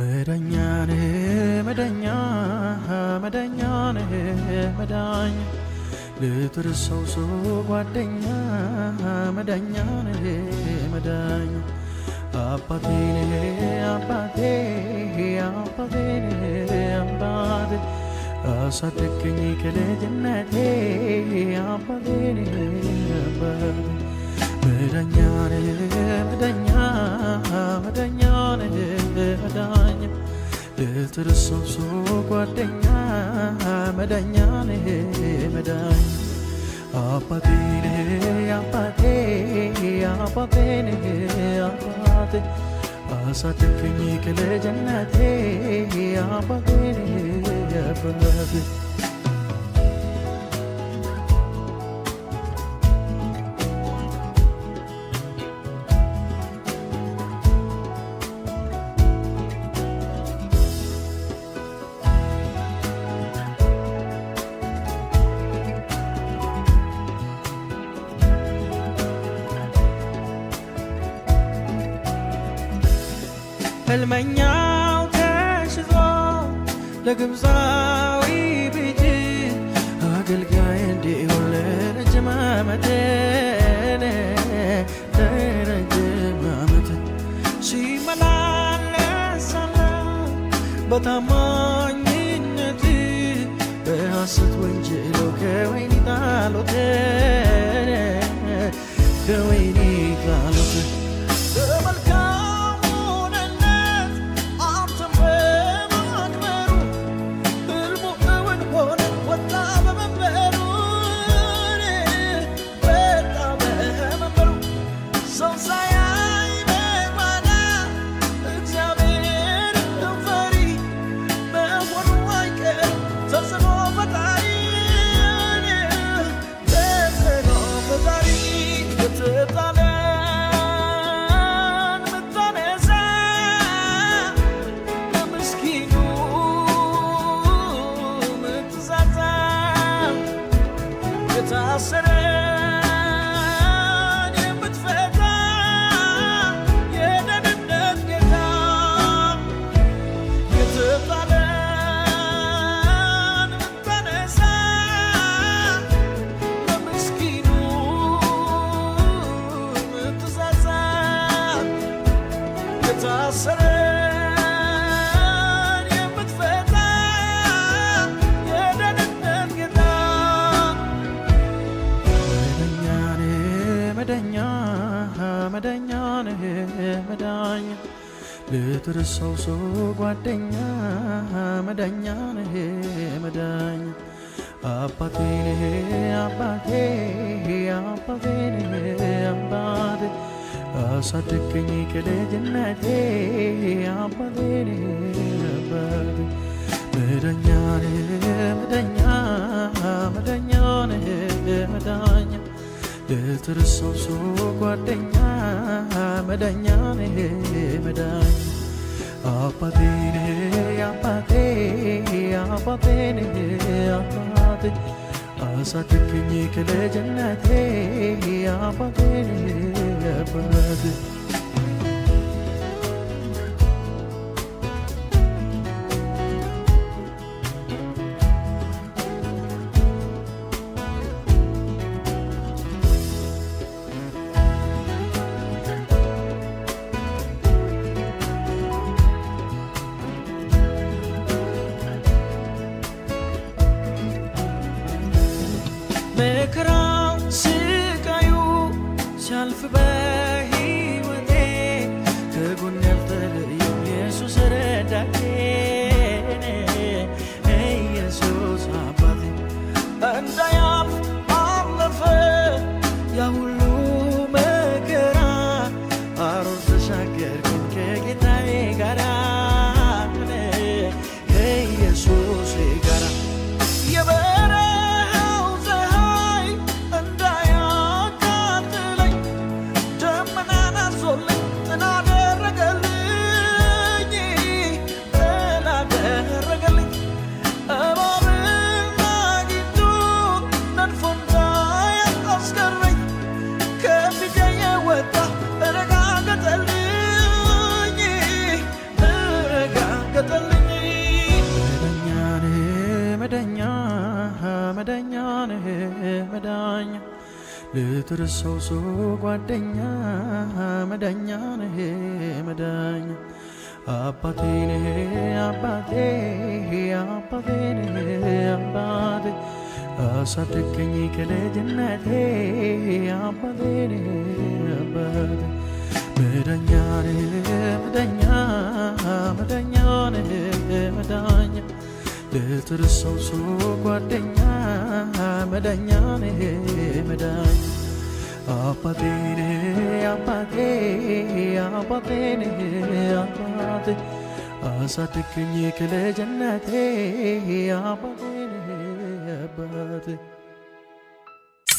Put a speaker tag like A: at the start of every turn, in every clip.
A: መዳኛ ነህ መዳኛ መዳኛ ነህ መዳኝ ልትርሰው ሰው ጓደኛ መዳኛ ነህ መዳኝ አባቴ ነህ አባቴ አባቴ ነህ አባቴ አሳደግከኝ ከልጅነቴ አባቴ ነህ አባቴ መዳኛ ነህ መዳኛ መዳኛ አይረዳኝ ልትርሰብሶ ጓደኛ መዳኛ ነህ መዳኝ አባቴ ነህ አባቴ አባቴ ነህ አባቴ አሳደከኝ ከልጅነቴ አባቴ ነህ አባቴ
B: ሕልመኛው ተሽዞ ለግብፃዊ ብጅ አገልጋይ እንዲሆን ረጅም ዓመት ለረጅም ዓመት ሲመላለሳለ በታማኝነት በሐሰት ወንጀሎ ከወይኒ ጣሎት ከወይኒ ጣሎት
A: የተረሳው ሰው ጓደኛ መዳኛ ነህ መዳኝ አባቴ ነህ አባቴ አባቴ ነህ አባቴ አሳደከኝ ከልጅነቴ አባቴ ነህ አባቴ መዳኛ ነህ መዳኛ መዳኛ ነህ መዳኛ የተረሳው ሰው ጓደኛ መዳኛ ነህ መዳኝ ആപതേനെ ആപതേ ആപതേനെ አባቴ አሳድገኝ ከልጅነቴ አባቴ አባቴ
B: ረዳቴን ኢየሱስ አባቴ እንዳያፍ አለፈ ያሁሉ መከራ አሮር ተሻገርኩኝ ከጌታዬ ጋራ ጋራ የበረ
A: መዳኛ ልትርሰው ሶ ጓደኛ መዳኛ ነህ መዳኝ አባቴ ነሄ አባቴ አባቴ አባቴ አሳደገኝ ከልጅነቴ አባቴ አባቴ መዳኛ ነህ መዳኛ ልትርሰው ሱ ጓደኛ መዳኛ መዳኝ አባቴን አባቴ አባቴን አባቴ አሳደገኝ ከልጅነቴ አባቴን አባቴ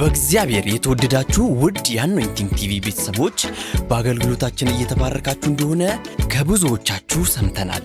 C: በእግዚአብሔር የተወደዳችሁ ውድ የአኖይንቲንግ ቲቪ ቤተሰቦች በአገልግሎታችን እየተባረካችሁ እንደሆነ ከብዙዎቻችሁ ሰምተናል።